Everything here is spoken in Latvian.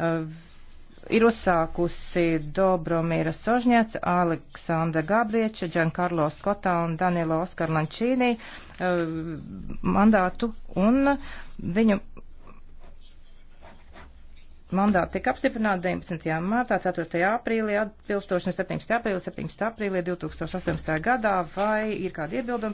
Eh, ir uzsākusi Dobromīra Sožņēts, Aleksandra Gabrieča, Giancarlo Skotā un Danilo Oskar Lančīnī eh, mandātu un viņu mandāti tika apstiprināti 19. martā, 4. aprīlī, atbilstoši 17. aprīlī, 17. aprīlī 2018. gadā, vai ir kādi iebildumi?